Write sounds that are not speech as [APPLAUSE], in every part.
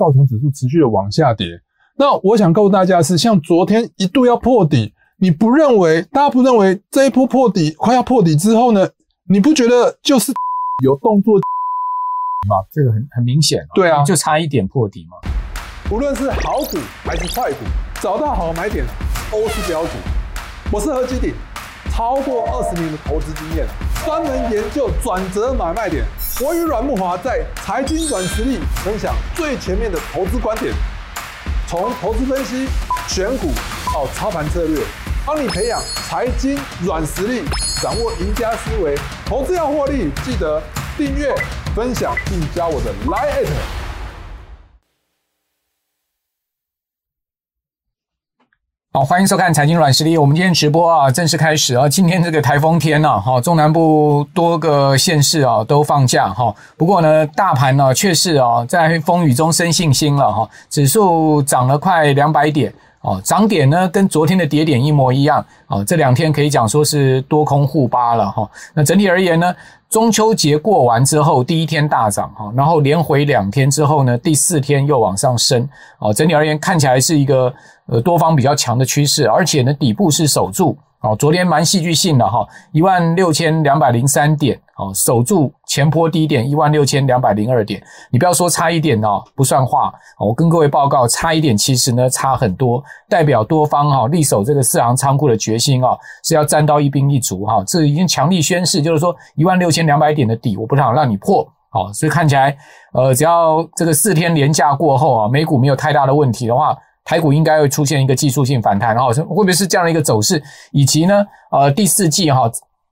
道瓊指數持續的往下跌，那我想告訴大家的是，像昨天一度要破底，你不認為？大家不認為這一波破底快要破底之後呢？你不覺得就是、X、有動作、X、嗎？這個很很明顯，對啊，就差一點破底嘛。無論是好股還是壞股，找到好買點都是歐式標股。我是何基鼎，超過二十年的投資經驗。專門研究轉折買賣點，我與阮木華在財經軟實力分享最前面的投資觀點，從投資分析選股到操盤策略，幫你培養財經軟實力，掌握贏家思維。投資要獲利，記得訂閱、分享並加我的 LINE@。好，歡迎收看《財經阮實力》。我們今天直播啊，正式開始啊。今天這個台風天啊，哈，中南部多個縣市啊都放假哈。不過呢，大盤呢、啊，確實啊，在風雨中生信心了哈，指數漲了快兩百點。哦，漲點呢，跟昨天的跌點一模一樣。哦，這兩天可以講說是多空互搏了哈、哦。那整體而言呢，中秋節過完之後第一天大漲哈、哦，然後連回兩天之後呢，第四天又往上升。哦，整體而言看起來是一個呃多方比較強的趨勢，而且呢底部是守住。哦，昨天蠻戲劇性的哈，一萬六千兩百零三點，哦守住前波低點一萬六千兩百零二點，你不要說差一點哦，不算話。我跟各位報告，差一點其實呢差很多，代表多方哈力守這個四行倉庫的決心啊，是要沾到一兵一卒哈，這已經強力宣示，就是說一萬六千兩百點的底，我不想讓你破。好，所以看起來，呃，只要這個四天連假過後啊，美股沒有太大的問題的話，台股應該會出現一個技術性反彈，然後會不會是這樣的一個走勢？以及呢，呃，第四季哈，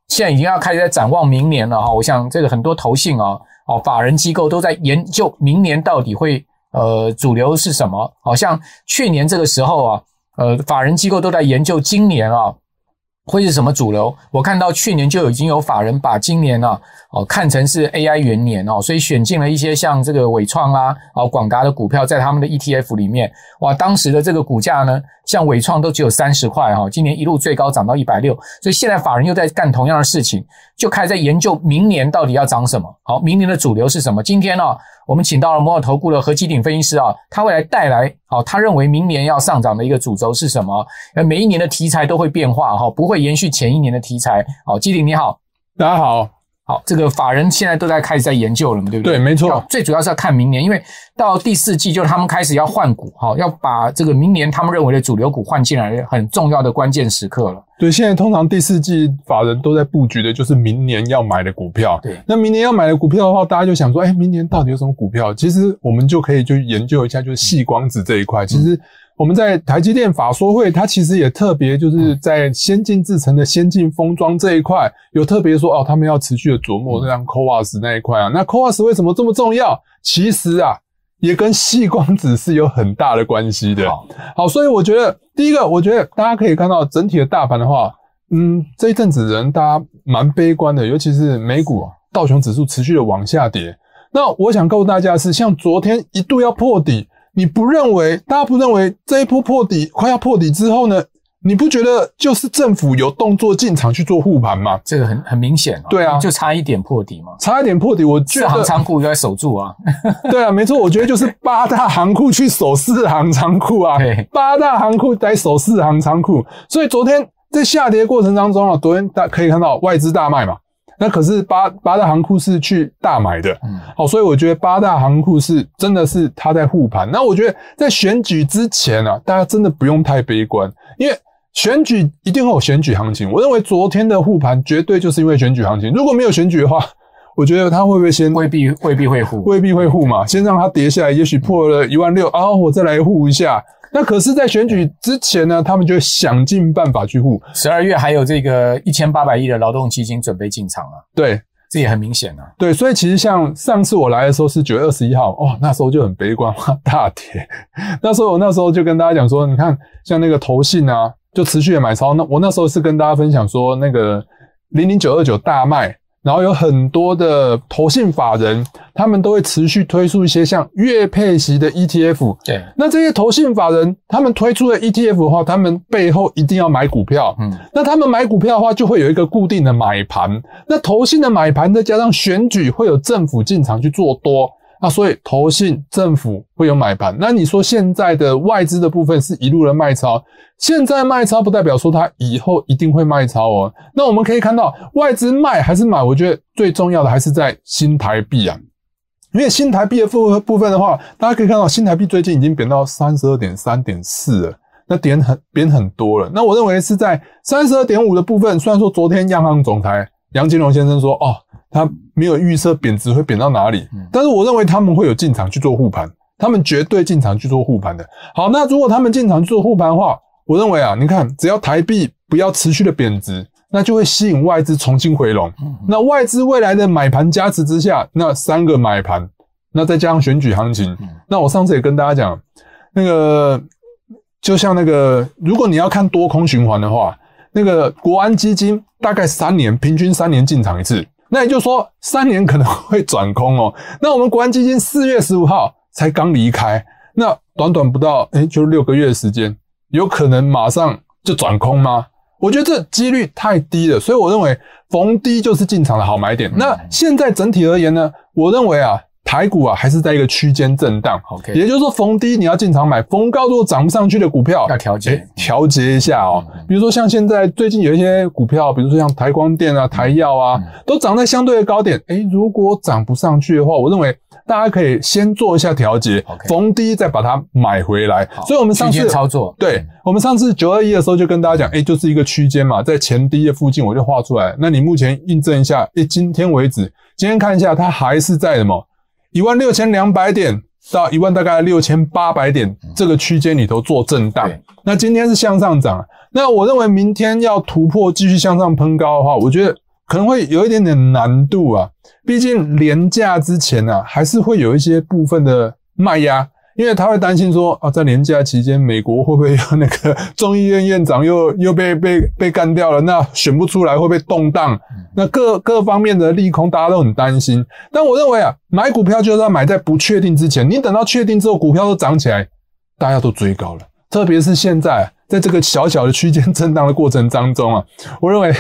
現在已經要開始在展望明年了哈。我想這個很多投信啊，哦，法人機構都在研究明年到底會呃主流是什麼。好像去年這個時候啊，呃，法人機構都在研究今年啊。會是什麼主流？我看到去年就已經有法人把今年呢、啊，哦，看成是 AI 元年哦，所以選進了一些像這個緯創啊，哦，廣達的股票在他們的 ETF 裡面，哇，當時的這個股價呢，像緯創都只有三十塊哈、哦，今年一路最高漲到一百六，所以現在法人又在幹同樣的事情，就開始在研究明年到底要漲什麼，好、哦，明年的主流是什麼？今天呢、哦？我們請到了摩爾投顧的何基鼎分析師啊，他會來帶來，好、哦，他認為明年要上漲的一個主軸是什麼？每一年的題材都會變化哈、哦，不會延續前一年的題材。好、哦，基鼎你好，大家好。好，這個法人現在都在開始在研究了嘛，對不對？對，沒錯。最主要是要看明年，因為到第四季就他們開始要換股哈，要把這個明年他們認為的主流股換進來，很重要的關鍵時刻了。對，現在通常第四季法人都在佈局的就是明年要買的股票。對，那明年要買的股票的話，大家就想說，哎，明年到底有什麼股票？其實我們就可以就研究一下，就是矽光子這一塊，嗯、其實。我們在台積電法說會，它其實也特別，就是在先進製程的先進封裝這一塊，嗯、有特別說哦，他們要持續的琢磨像、嗯、CoWoS 那一塊啊。那 CoWoS 為什麼這麼重要？其實啊，也跟矽光子是有很大的關係的。好，好，所以我覺得第一個，我覺得大家可以看到整體的大盤的話，嗯，這一陣子人大家蠻悲觀的，尤其是美股道瓊指數持續的往下跌。那我想告訴大家的是，像昨天一度要破底。你不認為？大家不認為這一波破底快要破底之後呢？你不覺得就是政府有動作進場去做護盤嗎？這個很很明顯，啊。對啊，就差一點破底嘛，差一點破底，我覺得四行倉庫應該守住啊。 [LAUGHS] 對啊，沒錯，我覺得就是八大行庫去守四行倉庫啊。 [LAUGHS] 對八大行庫在守四行倉庫，所以昨天在下跌過程當中啊，昨天大家可以看到外資大賣嘛。那可是八八大行庫是去大買的，嗯，好、哦，所以我覺得八大行庫是真的是他在護盤。那我覺得在選舉之前啊，大家真的不用太悲觀，因為選舉一定會有選舉行情。我認為昨天的護盤絕對就是因為選舉行情。嗯、如果沒有選舉的話，我覺得他會不會先未必未必會護，未必會護嘛，先讓它跌下來，也許破了一萬六、嗯、啊，我再來護一下。那可是，在選舉之前呢，他們就想盡辦法去護。十二月還有這個一千八百億的勞動基金準備進場啊，對，這也很明顯啊，對。所以其實像上次我來的時候是九月二十一號，哦，那時候就很悲觀嘛，大跌。 [LAUGHS] 那時候我那時候就跟大家講說，你看像那個投信啊，就持續的買超。那我那時候是跟大家分享說，那個零零九二九大賣。然後有很多的投信法人，他們都會持續推出一些像月配息的 ETF。對，那這些投信法人他們推出的 ETF 的話，他們背後一定要買股票。嗯，那他們買股票的話，就會有一個固定的買盤。那投信的買盤再加上選舉，會有政府進場去做多。那、啊、所以投信政府會有買盤，那你說現在的外資的部分是一路的賣超，現在賣超不代表說它以後一定會賣超哦。那我們可以看到外資賣還是買，我覺得最重要的還是在新台幣啊，因為新台幣的部部分的話，大家可以看到新台幣最近已經貶到三十二點三點四了，那點很貶很多了。那我認為是在三十二點五的部分，雖然說昨天央行總裁楊金龍先生說哦。他沒有預測貶值會貶到哪裡，但是我認為他們會有進場去做護盤，他們絕對進場去做護盤的。好，那如果他們進場去做護盤的話，我認為啊，你看，只要台幣不要持續的貶值，那就會吸引外資重新回籠。那外資未來的買盤加持之下，那三個買盤，那再加上選舉行情，那我上次也跟大家講，那個就像那個，如果你要看多空循環的話，那個國安基金大概三年，平均三年進場一次。那也就是說，三年可能會轉空哦。那我們國安基金四月十五號才剛離開，那短短不到誒，欸，就六個月的時間，有可能馬上就轉空嗎？我覺得這幾率太低了。所以我認為逢低就是進場的好買點。那現在整體而言呢，我認為啊。台股啊，還是在一個區間震盪。OK，也就是說，逢低你要進場買，逢高如果漲不上去的股票要調節，哎，調節一下哦。嗯嗯，比如說像現在最近有一些股票，比如說像台光電啊、台耀啊，嗯、都漲在相對的高點。哎，如果漲不上去的話，我認為大家可以先做一下調節，Okay. 逢低再把它買回來。好所以我們上次操作，對，我們上次九二一的時候就跟大家講，哎，就是一個區間嘛，在前低的附近我就畫出來。那你目前印證一下，哎，今天為止，今天看一下它還是在什麼？一萬六千兩百點到一萬大概六千八百點這個區間裡頭做震盪，嗯，那今天是向上漲，那我認為明天要突破繼續向上噴高的話，我覺得可能會有一點點難度啊，畢竟連假之前呢，啊、還是會有一些部分的賣壓。因為他會擔心說啊，在連假期間，美國會不會有那個眾議院院長又又被被被幹掉了？那選不出來會不會動盪？那各各方面的利空大家都很擔心。但我認為啊，買股票就是要買在不確定之前。你等到確定之後，股票都漲起來，大家都追高了。特別是現在啊，在這個小小的區間震盪的過程當中啊，我認為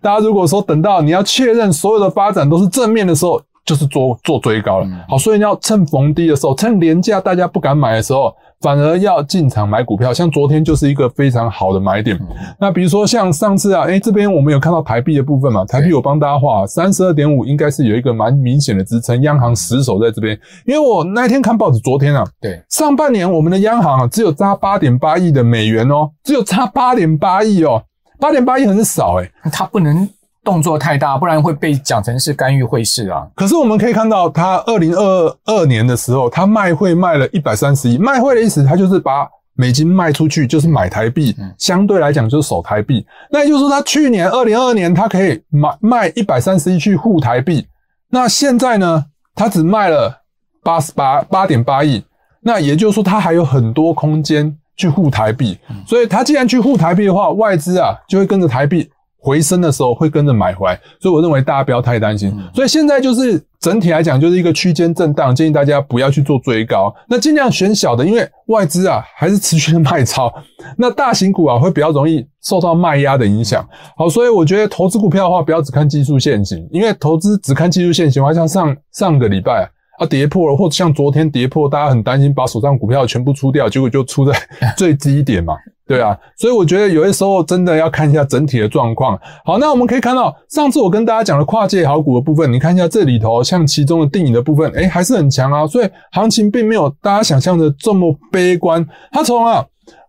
大家如果說等到你要確認所有的發展都是正面的時候，就是做做追高了，嗯、好，所以你要趁逢低的時候，趁廉價大家不敢買的時候，反而要進場買股票。像昨天就是一個非常好的買點。嗯、那比如說像上次啊，誒、欸，這邊我們有看到台幣的部分嘛？台幣我幫大家畫，三十二點五應該是有一個蠻明顯的支撐，央行死守在這邊。因為我那天看報紙，昨天啊，對，上半年我們的央行啊，只有差八點八億的美元哦，只有差八點八億哦，八點八億很少誒、欸，它不能。動作太大，不然會被講成是干預匯市啊。可是我們可以看到，他二零二二年的時候，他賣匯賣了一百三十億。賣匯的意思，他就是把美金賣出去，就是買台幣。嗯、相對來講，就是守台幣。那也就是說，他去年二零二二年，他可以買賣一百三十億去護台幣。那現在呢，他只賣了八十八八點八億。那也就是說，他還有很多空間去護台幣。嗯、所以他既然去護台幣的話，外資啊就會跟着台幣回升的時候會跟着買回來，所以我認為大家不要太擔心。嗯、所以現在就是整體來講就是一個區間震盪，建議大家不要去做追高，那儘量選小的，因為外資啊還是持續的賣超，那大型股啊會比較容易受到賣壓的影響。嗯、好，所以我覺得投資股票的話，不要只看技術線型，因為投資只看技術線型，我好像上上個禮拜啊，啊跌破了，或者像昨天跌破，大家很擔心把手上股票全部出掉，結果就出在最低點嘛。 [LAUGHS] 對啊，所以我覺得有些時候真的要看一下整體的狀況。好，那我們可以看到，上次我跟大家講的跨界好股的部分，你看一下這裡頭，像其中的電影的部分，誒，還是很強啊。所以行情並沒有大家想象的這麼悲觀。它從啊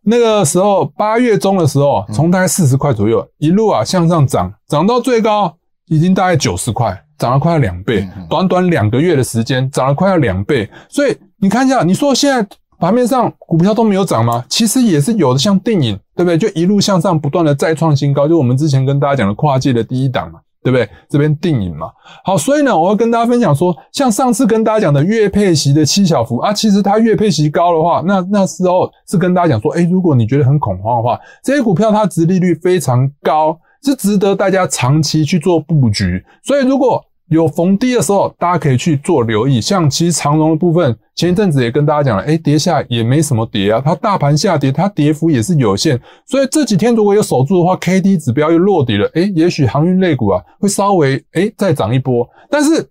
那個時候八月中的時候，從大概四十塊左右一路啊向上漲，漲到最高已經大概九十塊，漲了快要兩倍，短短兩個月的時間漲了快要兩倍。所以你看一下，你說現在。盤面上股票都沒有漲嗎？其實也是有的，像電影，對不對？就一路向上，不斷的再創新高，就我們之前跟大家講的跨界的第一檔嘛，對不對？這邊電影嘛。好，所以呢，我要跟大家分享說，像上次跟大家講的月配息的七小福啊，其實它月配息高的話，那那時候是跟大家講說，誒、欸，如果你覺得很恐慌的話，這些股票它殖利率非常高，是值得大家長期去做布局。所以如果有逢低的時候，大家可以去做留意。像其實長榮的部分，前一陣子也跟大家講了，哎、欸，跌下來也沒什麼跌啊，它大盤下跌，它跌幅也是有限。所以這幾天如果有守住的話，K D 指標又落底了，哎、欸，也許航運類股啊會稍微哎、欸、再漲一波。但是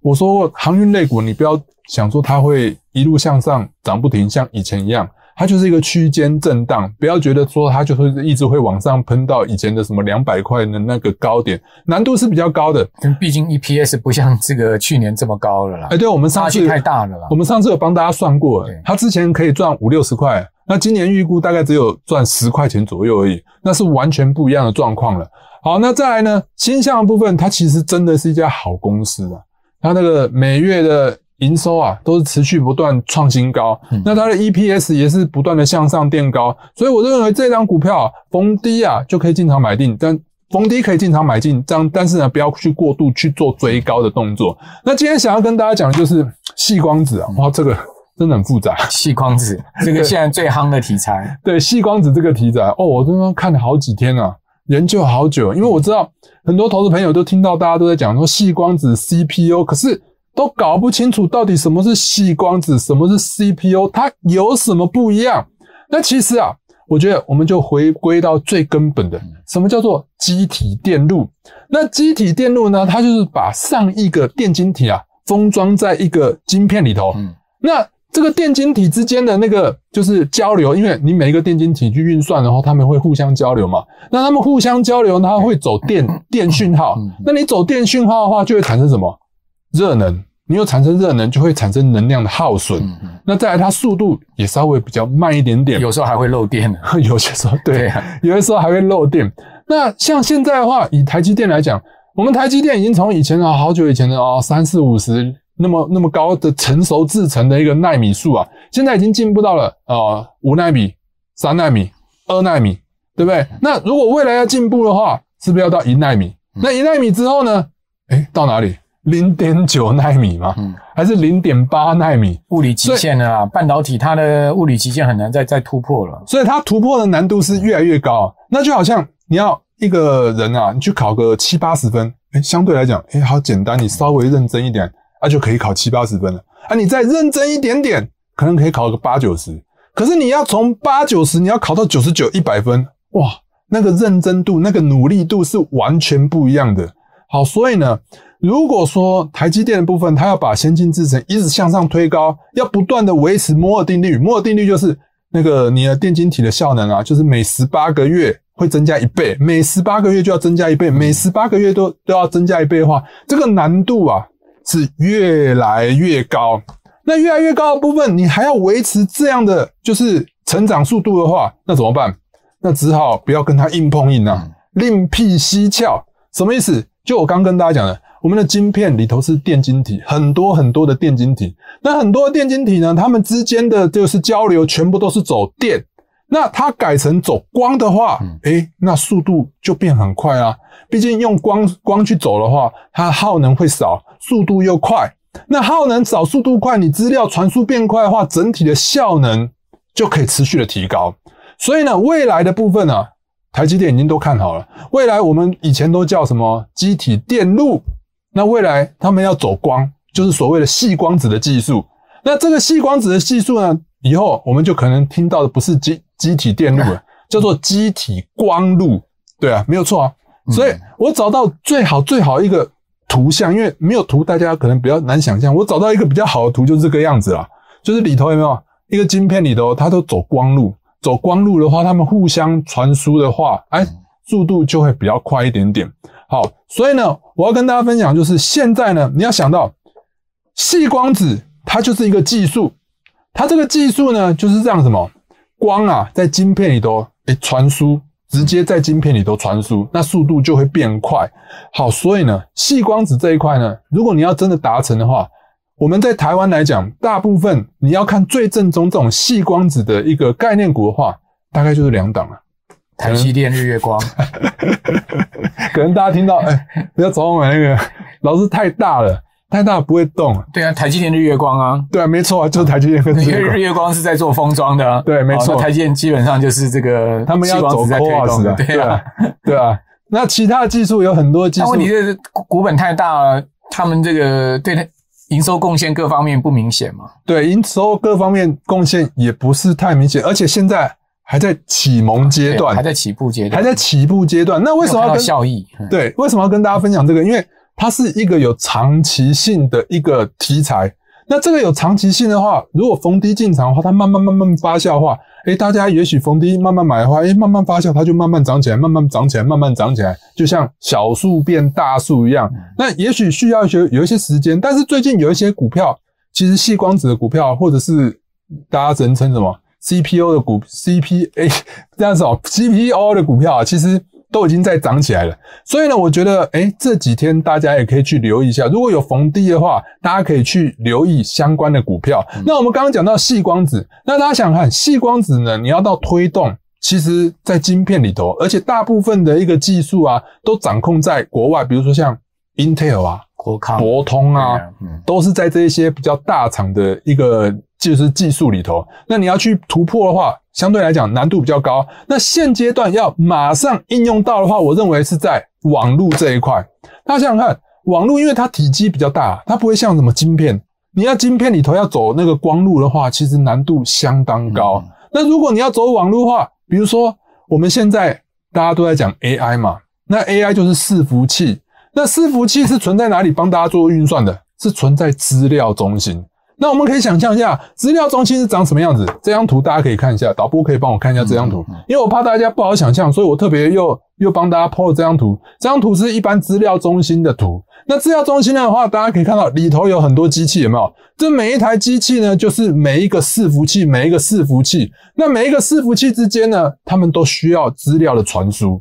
我說過，航運類股你不要想說它會一路向上漲不停，像以前一樣。它就是一個區間震盪，不要覺得說它就會一直會往上噴到以前的什麼兩百塊的那個高點，難度是比較高的。畢竟 EPS 不像這個去年這麼高了啦。哎，對，我們上次太大了啦。我們上次有幫大家算過了，對它之前可以賺五六十塊，那今年預估大概只有賺十塊錢左右而已，那是完全不一樣的狀況了。好，那再來呢，欣興的部分，它其實真的是一家好公司啊，它那個每月的。營收啊，都是持續不斷創新高，嗯、那它的 EPS 也是不斷的向上墊高，所以我認為這張股票、啊、逢低啊就可以經常買定，但逢低可以經常買進，但但是呢，不要去過度去做追高的動作。那今天想要跟大家講的就是矽光子啊，哇，這個真的很複雜。矽光子這個 [LAUGHS] 對現在最夯的題材。對，矽光子這個題材哦，我真的看了好幾天了、啊，研究好久了，因為我知道很多投資朋友都聽到大家都在講說矽光子 CPU，可是。都搞不清楚到底什麼是矽光子、什麼是 CPU，它有什麼不一樣？那其實啊，我覺得我們就回歸到最根本的，什麼叫做積體電路？那積體電路呢，它就是把上億個電晶體啊封裝在一個晶片裡頭。那這個電晶體之間的那個就是交流，因為你每一個電晶體去運算的話，他們會互相交流嘛。那他們互相交流，它會走電電訊號。那你走電訊號的話，就會產生什麼？熱能，你又產生熱能，就會產生能量的耗損。嗯、那再來，它速度也稍微比較慢一點點，有時候還會漏電。 [LAUGHS] 有些時候，對呀、啊， [LAUGHS] 有些時候還會漏電。那像現在的話，以台積電來講，我們台積電已經從以前的好久以前的啊三四五十那麼那麼高的成熟製程的一個奈米數啊，現在已經進步到了啊五奈米、三奈米、二奈米，對不對？嗯、那如果未來要進步的話，是不是要到一奈米？那一奈米之後呢？哎、欸，到哪裡？零點九奈米嗎？嗯，還是零點八奈米、嗯？物理極限啊！以半導體它的物理極限很難再再突破了，所以它突破的難度是越來越高、啊。嗯、那就好像你要一個人啊，你去考個七八十分，誒、欸、相對來講，誒、欸、好簡單，你稍微認真一點，那、嗯啊、就可以考七八十分了。啊，你再認真一點點，可能可以考個八九十。可是你要從八九十，你要考到九十九一百分，哇，那個認真度、那個努力度是完全不一樣的。好，所以呢。如果說台積電的部分，它要把先進製程一直向上推高，要不斷的維持摩爾定律。摩爾定律就是那個你的電晶體的效能啊，就是每十八個月會增加一倍，每十八個月就要增加一倍，每十八個月都都要增加一倍的話，這個難度啊是越來越高。那越來越高的部分，你還要維持這樣的就是成長速度的話，那怎麼辦？那只好不要跟他硬碰硬啊，另闢蹊徑。什麼意思？就我剛跟大家講的。我們的晶片裡頭是電晶體，很多很多的電晶體。那很多電晶體呢，它們之間的就是交流，全部都是走電。那它改成走光的話，哎、嗯，那速度就變很快啊。畢竟用光光去走的話，它耗能會少，速度又快。那耗能少，速度快，你資料傳輸變快的話，整體的效能就可以持續的提高。所以呢，未來的部分呢、啊，台積電已經都看好了。未來我們以前都叫什麼積體電路？那未來他們要走光，就是所謂的矽光子的技術。那這個矽光子的技術呢，以後我們就可能聽到的不是積積體電路了，叫做積體光路。對啊，沒有錯啊。所以我找到最好最好一個圖像，因為沒有圖大家可能比較難想象。我找到一個比較好的圖，就是這個樣子啊，就是裡頭有沒有一個晶片裡頭，它都走光路。走光路的話，它們互相傳輸的話，哎，速度就會比較快一點點。好，所以呢，我要跟大家分享，就是現在呢，你要想到，矽光子它就是一個技術，它這個技術呢，就是讓什麼？光啊在晶片裡頭誒傳輸，直接在晶片裡頭傳輸，那速度就會變快。好，所以呢，矽光子這一塊呢，如果你要真的達成的話，我們在台灣來講，大部分你要看最正宗這種矽光子的一個概念股的話，大概就是兩檔了。台積電日月光， [LAUGHS] 可能大家聽到哎，不、欸、要找我買那個，老是太大了，太大不會動。對啊，台積電日月光啊，對啊，沒錯、啊，就是台積電那個、哦。因為日月光是在做封裝的、啊，對，沒錯。哦、台積電基本上就是這個，他們要走 CoWoS 的，對啊，對啊。那其他技術有很多的技術，問題是股本太大了，他們這個對營收貢獻各方面不明顯嘛？對，營收各方面貢獻也不是太明顯，而且現在。還在啟蒙階段、啊，還在起步階段，還在起步階段。嗯、那為什麼要跟效益？嗯、對，為什麼要跟大家分享這個？因為它是一個有長期性的一個題材。嗯、那這個有長期性的話，如果逢低進場的話，它慢慢慢慢發酵的話，哎、欸，大家也許逢低慢慢買的話，誒、欸、慢慢發酵，它就慢慢長起來，慢慢長起來，慢慢長起來，慢慢起來就像小樹變大樹一樣。嗯、那也許需要一些有一些時間，但是最近有一些股票，其實矽光子的股票，或者是大家人稱什麼？C P O 的股 C P A 這樣 [LAUGHS] 子哦。C P O 的股票啊，其實都已經在漲起來了。所以呢，我覺得，誒，這幾天大家也可以去留意一下。如果有逢低的話，大家可以去留意相關的股票。嗯、那我們剛剛講到矽光子，那大家想看矽光子呢？你要到推動，其實，在晶片裡頭，而且大部分的一個技術啊，都掌控在國外，比如說像 Intel 啊。博通啊，嗯嗯、都是在這一些比較大廠的一個就是技術裡頭。那你要去突破的話，相對來講難度比較高。那現階段要馬上應用到的話，我認為是在網絡這一塊。大家想想看，網絡因為它體積比較大，它不會像什麼晶片。你要晶片裡頭要走那個光路的話，其實難度相當高。嗯、那如果你要走網絡的話，比如說我們現在大家都在講 AI 嘛，那 AI 就是伺服器。那伺服器是存在哪裡幫大家做運算的？是存在資料中心。那我們可以想象一下，資料中心是長什麼樣子？這張圖大家可以看一下，導播可以幫我看一下這張圖，嗯嗯嗯，因為我怕大家不好想象，所以我特別又又幫大家 PO 了這張圖。這張圖是一般資料中心的圖。那資料中心的話，大家可以看到裡頭有很多機器，有沒有？這每一台機器呢，就是每一個伺服器，每一個伺服器。那每一個伺服器之間呢，它們都需要資料的傳輸。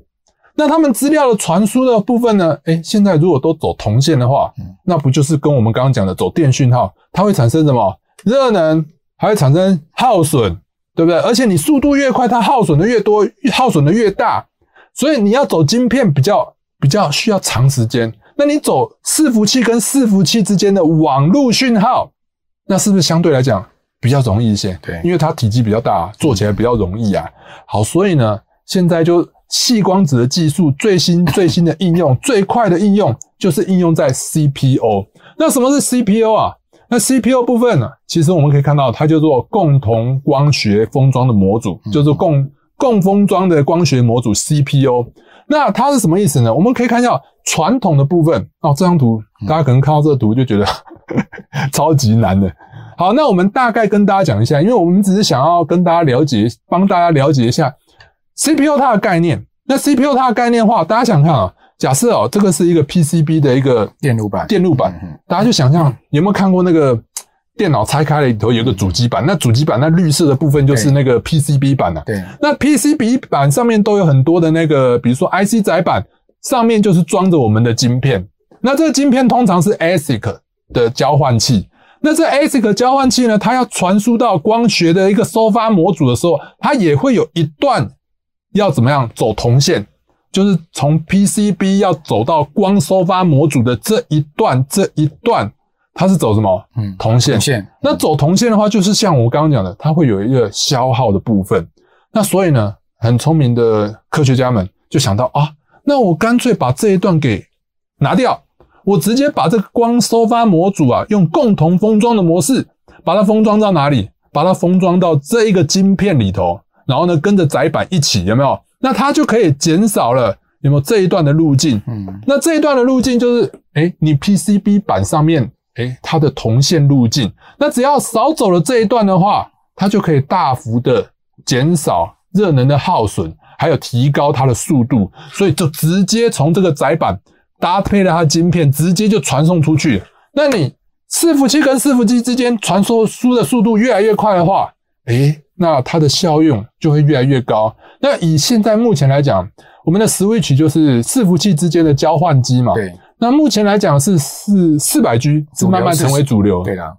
那他們資料的傳輸的部分呢？欸，現在如果都走銅線的話，那不就是跟我們剛剛講的走電訊號，它會產生什麼？熱能，還會產生耗損，對不對？而且你速度越快，它耗損的越多，耗損的越大，所以你要走晶片比較比較需要長時間。那你走伺服器跟伺服器之間的網路訊號，那是不是相對來講比較容易一些？對，因為它體積比較大啊，做起來比較容易啊。好，所以呢，現在就。矽光子的技術最新、最新的應用、最快的應用，就是應用在 CPO。那什麼是 CPO 啊？那 CPO 部分呢、啊？其實我們可以看到，它叫做共同光學封裝的模組，就是共共封裝的光學模組 CPO。那它是什麼意思呢？我們可以看一下傳統的部分哦。這張圖大家可能看到這圖就覺得 [LAUGHS] 超級難的。好，那我們大概跟大家講一下，因為我們只是想要跟大家了解，幫大家了解一下。C P U 它的概念，那 C P U 它的概念的話，大家想看啊？假設哦，這個是一個 P C B 的一個電路板，電路板，嗯嗯、大家就想象有沒有看過那個電腦拆開了裡頭有個主機板，嗯、那主機板那綠色的部分就是那個 P C B 板啊。對，那 P C B 板上面都有很多的那個，比如說 I C 載板上面就是裝着我們的晶片。那這個晶片通常是 ASIC 的交換器。那這 ASIC 交換器呢，它要傳輸到光學的一個收發模組的時候，它也會有一段。要怎麼樣走銅線？就是從 PCB 要走到光收發模組的這一段，這一段它是走什麼？嗯，銅線。銅線。嗯，那走銅線的話，就是像我剛剛講的，它會有一個消耗的部分。那所以呢，很聰明的科學家們就想到啊，那我乾脆把這一段給拿掉，我直接把這個光收發模組啊，用共同封裝的模式把它封裝到哪裡？把它封裝到這一個晶片裡頭。然後呢，跟着載板一起，有沒有？那它就可以減少了有沒有這一段的路徑？嗯，那這一段的路徑就是，哎，你 PCB 板，上面，哎，它的銅線路徑。那只要少走了這一段的話，它就可以大幅的減少熱能的耗損，還有提高它的速度。所以就直接從這個載板搭配了它的晶片，直接就傳送出去。那你伺服器跟伺服器之間傳輸輸的速度越來越快的話，哎。那它的效用就會越來越高。那以現在目前來講，我們的 switch 就是伺服器之間的交換機嘛。對。那目前來講是四四百 G，是慢慢成為主流，主流。對的、啊。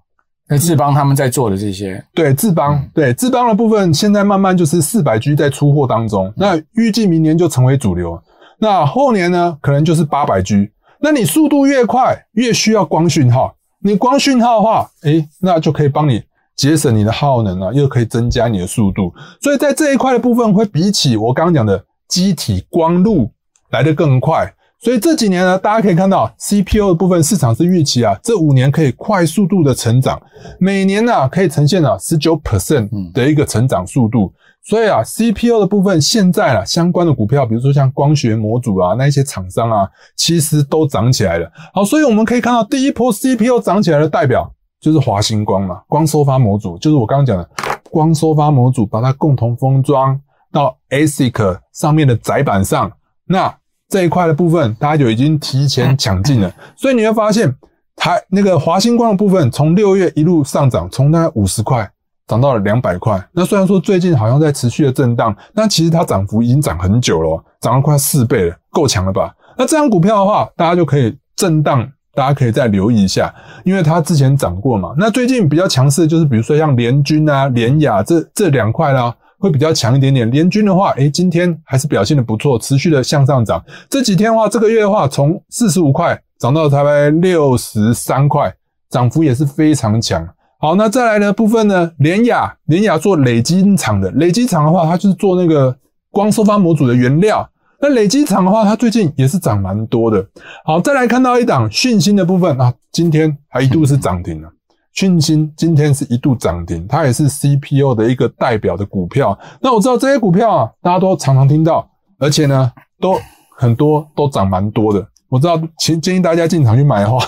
那智邦他們在做的這些，對智邦，自嗯、對智邦的部分，現在慢慢就是四百 G 在出貨當中。嗯、那預計明年就成為主流。那後年呢，可能就是八百 G。那你速度越快，越需要光訊號。你光訊號的話，誒、欸，那就可以幫你。節省你的耗能啊，又可以增加你的速度，所以在這一塊的部分會比起我剛剛講的機體光路來得更快。所以這幾年呢，大家可以看到 CPO 的部分市場是預期啊，這五年可以快速度的成長，每年呢、啊、可以呈現了十九 percent 的一個成長速度。嗯、所以啊，CPO 的部分現在啊相關的股票，比如說像光學模組啊，那一些廠商啊，其實都漲起來了。好，所以我們可以看到第一波 CPO 漲起來的代表。就是華星光嘛，光收發模組，就是我剛剛講的光收發模組，把它共同封裝到 ASIC 上面的載板上，那這一塊的部分，大家就已經提前搶進了。所以你會發現，台那個華星光的部分，從六月一路上漲，從大概五十塊漲到了兩百塊。那雖然說最近好像在持續的震盪，但其實它漲幅已經漲很久了喔，漲了快四倍了，夠強了吧？那這張股票的話，大家就可以震盪。大家可以再留意一下，因為它之前漲過嘛。那最近比較強勢的就是，比如說像聯鈞啊、聯亞這這兩塊啦，會比較強一點點。聯鈞的話，哎，今天還是表現的不錯，持續的向上漲。這幾天的話，這個月的話，從四十五塊漲到大概六十三塊，漲幅也是非常強。好，那再來呢部分呢？聯亞，聯亞做磊晶廠的，磊晶廠的話，它就是做那個光收發模組的原料。那累積場的話，它最近也是漲蠻多的。好，再來看到一檔訊芯的部分啊，今天還一度是漲停了。訊芯今天是一度漲停，它也是 CPO 的一個代表的股票。那我知道這些股票啊，大家都常常聽到，而且呢，都很多都漲蠻多的。我知道，其實建議大家進場去買的話，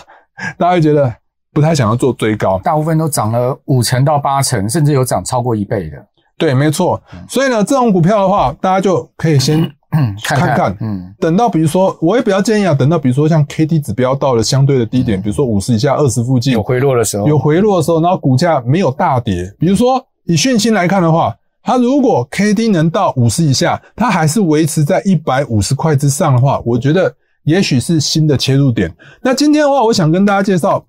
大家會覺得不太想要做追高，大部分都漲了五成到八成，甚至有漲超過一倍的。對，沒錯。所以呢，這種股票的話，大家就可以先。嗯，看看，嗯，等到比如說，我也比較建議啊，等到比如說像 K D 指標到了相對的低點，嗯、比如說五十以下、二十附近有回落的時候，有回落的時候，然後股價沒有大跌，比如說以訊芯來看的話，它如果 K D 能到五十以下，它還是維持在一百五十塊之上的話，我覺得也許是新的切入點。那今天的話，我想跟大家介紹。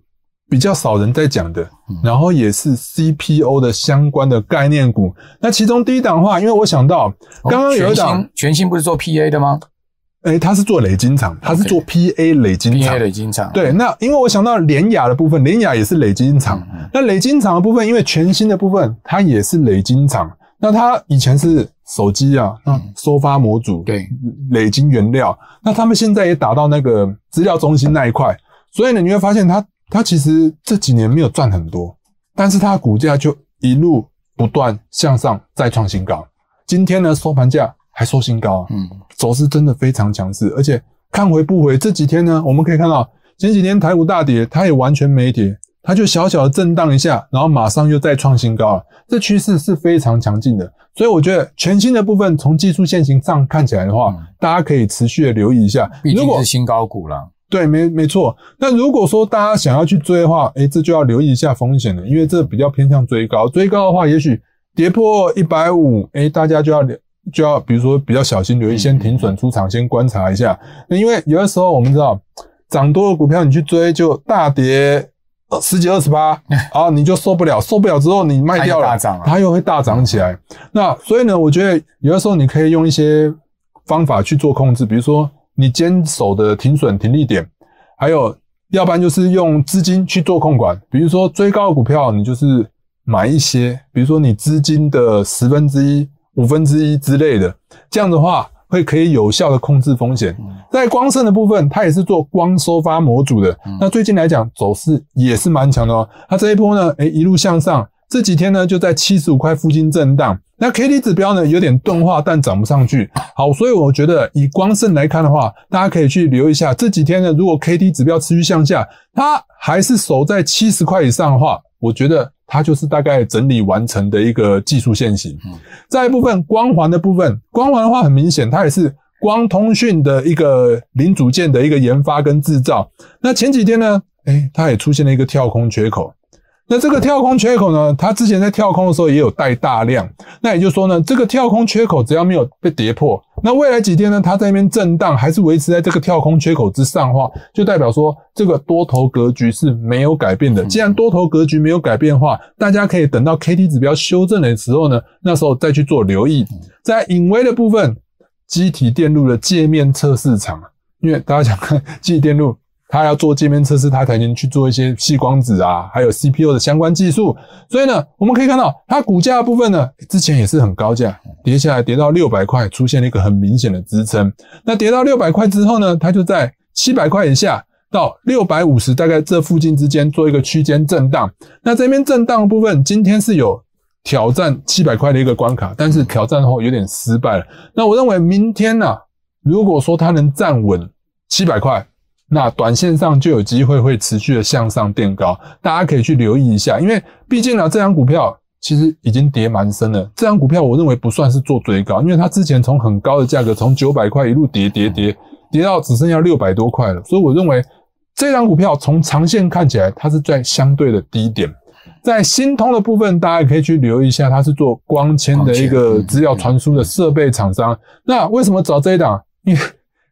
比較少人在講的，然後也是 CPO 的相關的概念股。嗯、那其中第一檔的話，因為我想到剛剛有一檔、哦、全新，全新不是做 PA 的嗎？誒他、欸、是做磊晶廠，他是做 PA 磊晶廠。對對 PA 磊晶廠。對，對那因為我想到聯亞的部分，聯亞也是磊晶廠。嗯、那磊晶廠的部分，因為全新的部分，它也是磊晶廠。那它以前是手機啊，嗯、收發模組，對，磊晶原料。那他們現在也打到那個資料中心那一塊，對所以你你會發現它。它其實這幾年沒有賺很多，但是它的股價就一路不斷向上再創新高。今天呢收盤價還收新高，嗯，走勢真的非常強勢。而且看回不回，這幾天呢我們可以看到，前幾天台股大跌，它也完全沒跌，它就小小的震盪一下，然後馬上又再創新高，這趨勢是非常強勁的，所以我覺得全新的部分從技術線型上看起來的話，嗯、大家可以持續的留意一下。如果是新高股了。對，沒沒錯。那如果說大家想要去追的話，哎，這就要留意一下風險了，因為這比較偏向追高。追高的話，也許跌破一百五，哎，大家就要就要，比如說比較小心，留意、嗯、先停損出場，嗯、先觀察一下。因為有的時候我們知道，漲多的股票你去追就大跌十幾二十八啊，嗯、然後你就受不了，受不了之後你賣掉了，大漲了它又會大漲起來。嗯、那所以呢，我覺得有的時候你可以用一些方法去做控制，比如說。你堅守的停損、停利點，還有，要不然就是用資金去做控管。比如說追高的股票，你就是買一些，比如說你資金的十分之一、五分之一之類的，這樣的話會可以有效的控制風險。在光聖的部分，它也是做光收發模組的，那最近來講走勢也是蠻強的哦。它這一波呢，哎，一路向上，這幾天呢就在七十五塊附近震盪。那 KD 指標呢，有點鈍化，但漲不上去。好，所以我覺得以光勝來看的話，大家可以去留意一下。這幾天呢，如果 KD 指標持續向下，它還是守在七十塊以上的話，我覺得它就是大概整理完成的一個技術線型。再一部分光環的部分，光環的話很明顯，它也是光通訊的一個零組件的一個研發跟製造。那前幾天呢，哎，它也出現了一個跳空缺口。那這個跳空缺口呢，它之前在跳空的時候也有帶大量。那也就是說呢，這個跳空缺口只要沒有被跌破，那未來幾天呢，它在那邊震盪還是維持在這個跳空缺口之上的話，就代表說這個多頭格局是沒有改變的。既然多頭格局沒有改變的話，大家可以等到 KD 指標修正的時候呢，那時候再去做留意。在穎崴的部分，積體電路的介面測試廠，因為大家講積體電路。他要做界面測試，他才能去做一些矽光子啊，還有 CPU 的相關技術。所以呢，我們可以看到它股價的部分呢，之前也是很高價，跌下來跌到六百塊，出現了一個很明顯的支撐。那跌到六百塊之後呢，它就在七百塊以下到六百五十，大概這附近之間做一個區間震盪。那這邊震盪部分，今天是有挑戰七百塊的一個關卡，但是挑戰後有點失敗了。那我認為明天啊，如果說它能站穩七百塊，那短線上就有機會會持續的向上墊高，大家可以去留意一下，因為畢竟呢、啊，這張股票其實已經跌蠻深了。這張股票我認為不算是做最高，因為它之前從很高的價格，從九百塊一路跌跌跌，跌，跌到只剩下六百多塊了。所以我認為這張股票從長線看起來，它是在相對的低點。在新通的部分，大家也可以去留意一下，它是做光纖的一個資料傳輸的設備廠商。那為什麼找這一檔？因為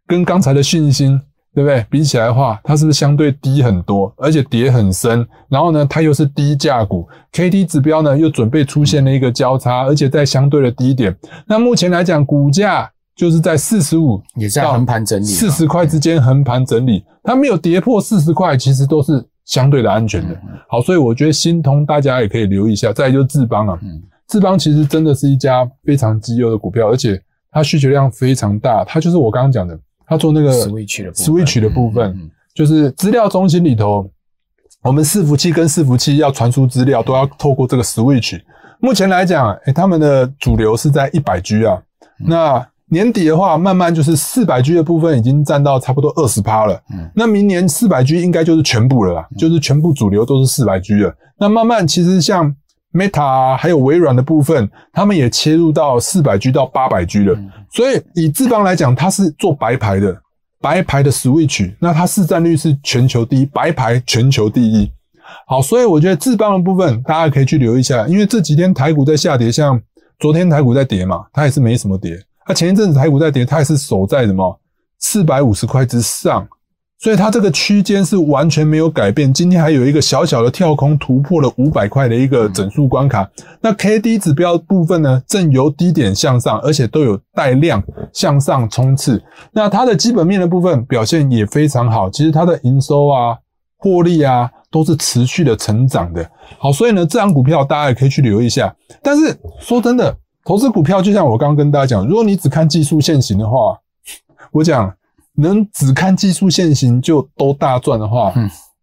跟剛才的信心。對不對？比起來的話，它是不是相對低很多，而且跌很深？然後呢，它又是低價股，K D 指標呢又準備出現了一個交叉，嗯、而且在相對的低點。那目前來講，股價就是在四十五，也在橫盤整理，四十塊之間橫盤整理，整理它沒有跌破四十塊，其實都是相對的安全的。嗯嗯好，所以我覺得新通大家也可以留意一下，再來就是智邦啊，嗯、智邦其實真的是一家非常績優的股票，而且它需求量非常大，它就是我剛剛講的。他做那個 switch 的部分，就是資料中心裡頭，我們伺服器跟伺服器要傳輸資料，都要透過這個 switch。目前來講，哎，他們的主流是在一百 G 啊。那年底的話，慢慢就是四百 G 的部分已經佔到差不多二十趴了。那明年四百 G 應該就是全部了啦，就是全部主流都是四百 G 了。那慢慢其實像。Meta 還有微軟的部分，他們也切入到四百 G 到八百 G 了。所以以智邦來講，它是做白牌的，白牌的 Switch，那它市占率是全球第一，白牌全球第一。好，所以我覺得智邦的部分大家可以去留意一下，因為這幾天台股在下跌，像昨天台股在跌嘛，它也是沒什麼跌。那前一陣子台股在跌，它也是守在什麼四百五十塊之上。所以它這個區間是完全沒有改變，今天還有一個小小的跳空突破了五百塊的一個整數關卡。那 K D 指標部分呢，正由低點向上，而且都有帶量向上衝刺。那它的基本面的部分表現也非常好，其實它的營收啊、獲利啊都是持續的成長的。好，所以呢，這張股票大家也可以去留意一下。但是說真的，投資股票就像我剛剛跟大家講，如果你只看技術線型的話，我講，能只看技術線型就都大賺的話，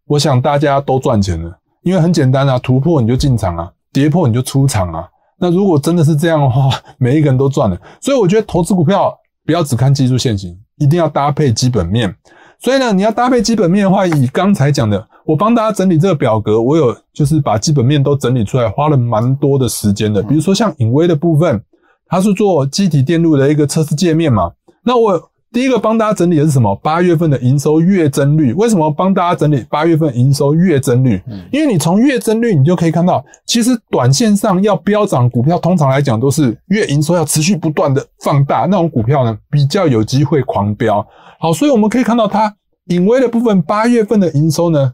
我想大家都賺錢了，因為很簡單啊，突破你就進場啊，跌破你就出場啊。那如果真的是這樣的話，每一個人都賺了。所以我覺得投資股票不要只看技術線型，一定要搭配基本面。所以呢，你要搭配基本面的話，以剛才講的，我幫大家整理這個表格，我有就是把基本面都整理出來，花了蠻多的時間的。比如說像穎崴的部分，它是做積體電路的一個測試介面嘛，那我。第一個幫大家整理的是什麼？八月份的營收月增率。為什麼幫大家整理八月份營收月增率？因為你從月增率，你就可以看到，其實短線上要飆漲股票，通常來講都是月營收要持續不斷的放大，那種股票呢比較有機會狂飆。好，所以我們可以看到它隱微的部分，八月份的營收呢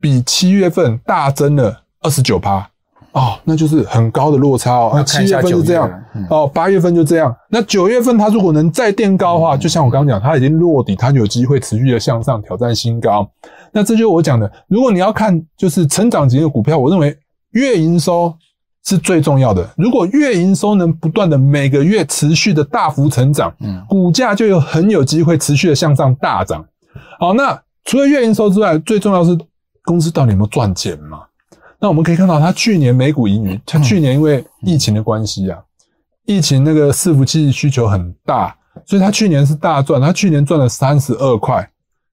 比七月份大增了二十九趴。哦，那就是很高的落差哦。那、啊、七月份就這樣，嗯、哦，八月份就這樣。那九月份它如果能再墊高的話，嗯、就像我剛剛講，它已經落底，它有機會持續的向上挑戰新高。那這就是我講的，如果你要看就是成長型的股票，我認為月營收是最重要的。如果月營收能不斷的每個月持續的大幅成長，嗯，股價就有很有機會持續的向上大漲。好，那除了月營收之外，最重要是公司到底有沒有賺錢嘛？那我們可以看到，他去年每股盈餘，他去年因為疫情的關係啊，疫情那個伺服器需求很大，所以他去年是大賺，他去年賺了三十二塊，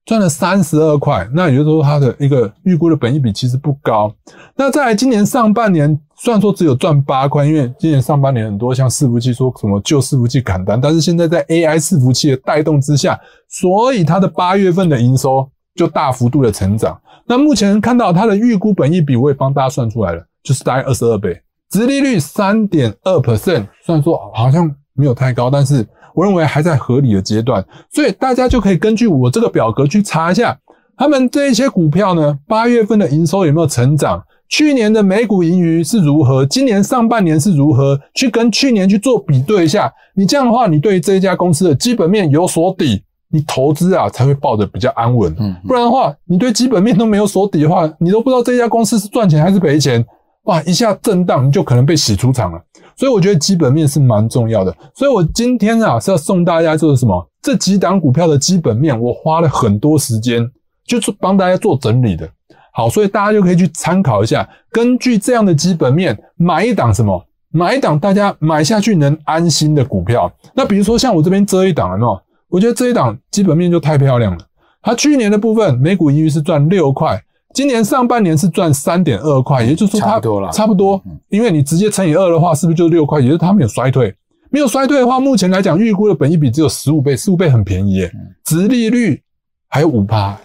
賺了三十二塊。那也就是說，他的一個預估的本益比其實不高。那在今年上半年，雖然說只有賺八塊，因為今年上半年很多像伺服器說什麼舊伺服器砍單，但是現在在 AI 伺服器的帶動之下，所以它的八月份的營收就大幅度的成長。那目前看到它的預估本益比，我也幫大家算出來了，就是大概二十二倍，殖利率三點二 percent。雖然說好像沒有太高，但是我認為還在合理的階段。所以大家就可以根據我這個表格去查一下，他們這些股票呢，八月份的營收有沒有成長，去年的每股盈餘是如何，今年上半年是如何，去跟去年去做比對一下。你這樣的話，你對於這一家公司的基本面有所底。你投資啊，才會抱得比較安穩，不然的話，你對基本面都沒有所抵的話，你都不知道這家公司是賺錢還是賠錢，哇，一下震盪你就可能被洗出場了。所以我覺得基本面是蠻重要的。所以，我今天啊是要送大家就是什麼，這幾檔股票的基本面，我花了很多時間，就是幫大家做整理的。好，所以大家就可以去參考一下，根據這樣的基本面買一檔什麼，買一檔大家買下去能安心的股票。那比如說像我這邊這一檔的哦。我覺得這一檔基本面就太漂亮了。它去年的部分每股盈餘是賺六塊，今年上半年是賺三點二塊，也就是說差不多了。差不多，因為你直接乘以二的話，是不是就六塊？也就是它沒衰退，沒有衰退的話，目前來講，預估的本益比只有十五倍，十五倍很便宜。哎，殖利率還有五趴，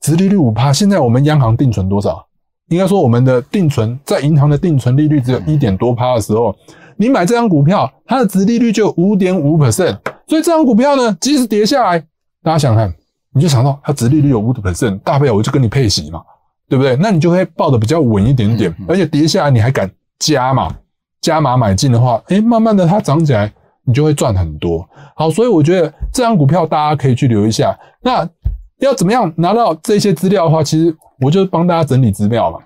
殖利率五趴，現在我們央行定存多少？應該說我們的定存，在銀行的定存利率只有一點多趴的時候。你買這張股票，它的殖利率就五點五 percent，所以這張股票呢，即使跌下來，大家想想看，你就想到它殖利率有五 percent，大不了我就跟你配息嘛，對不對？那你就會抱的比較穩一點點，而且跌下來你還敢加嘛？加碼買進的話，誒、欸、慢慢的它漲起來，你就會賺很多。好，所以我覺得這張股票大家可以去留一下。那要怎麼樣拿到這些資料的話，其實我就幫大家整理資料嘛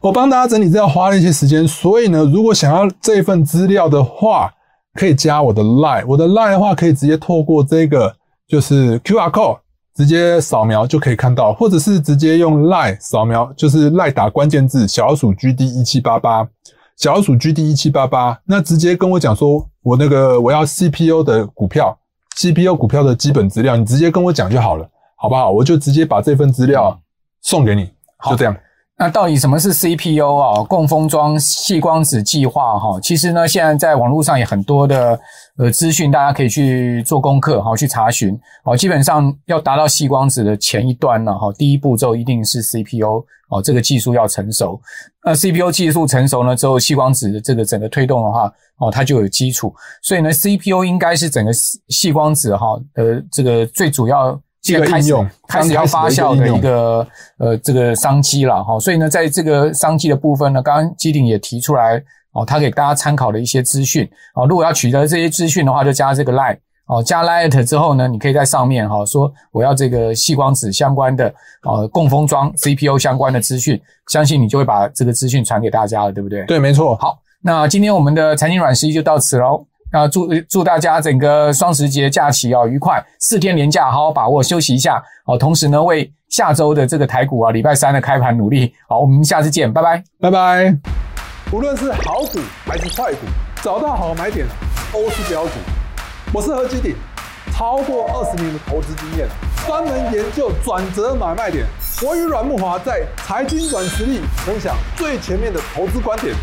我幫大家整理資料花了一些時間，所以呢，如果想要這份資料的話，可以加我的賴，我的賴的話可以直接透過這個就是 QR code 直接掃描就可以看到，或者是直接用賴掃描，就是賴打關鍵字小，小老鼠 GD1788，小老鼠 GD1788，那直接跟我講說我那個我要 CPU 的股票，CPU 股票的基本資料，你直接跟我講就好了，好不好？我就直接把這份資料送給你，好 就這樣。那到底什麼是 CPU 啊？共封裝矽光子計劃哈，其實呢，現在在網絡上也很多的呃資訊，大家可以去做功課哈，去查詢。好，基本上要達到矽光子的前一端了哈，第一步驟一定是 CPU 哦，這個技術要成熟。那 CPU 技術成熟了之後，矽光子的這個整個推動的話，哦，它就有基礎。所以呢，CPU 應該是整個矽光子哈，呃，這個最主要。開始一個應用開始要發酵的一個，的一個呃這個商機了哈，所以呢，在這個商機的部分呢，剛剛基鼎也提出來哦，他給大家參考的一些資訊哦，如果要取得這些資訊的話，就加這個 LINE 哦，加 LINE 之後呢，你可以在上面哈、哦、說我要這個矽光子相關的呃共、哦、封裝 CPU 相關的資訊，相信你就會把這個資訊傳給大家了，對不對？對，沒錯。好，那今天我們的財經阮實力就到此嘍。啊，祝祝大家整個雙十節假期啊愉快，四天連假好好把握休息一下哦。同時呢，為下周的這個台股啊，禮拜三的開盤努力。好，我們下次見，拜拜，拜拜。拜拜 無論是好股還是壞股，找到好買點都是標股。我是何基鼎，超過二十年的投資經驗，專門研究轉折買賣點。我與阮木華在財經阮實力分享最前面的投資觀點。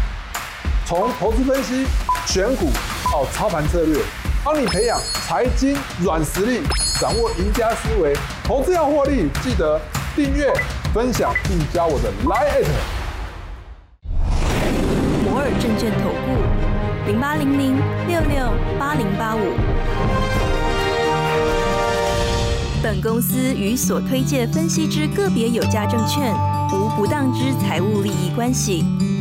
從投資分析、選股到操盤策略，幫你培養財經軟實力，掌握贏家思維。投資要獲利，記得訂閱、分享並加我的 Line@。摩爾證券投顧零八零零六六八零八五。本公司與所推薦分析之個別有價證券無不當之財務利益關係。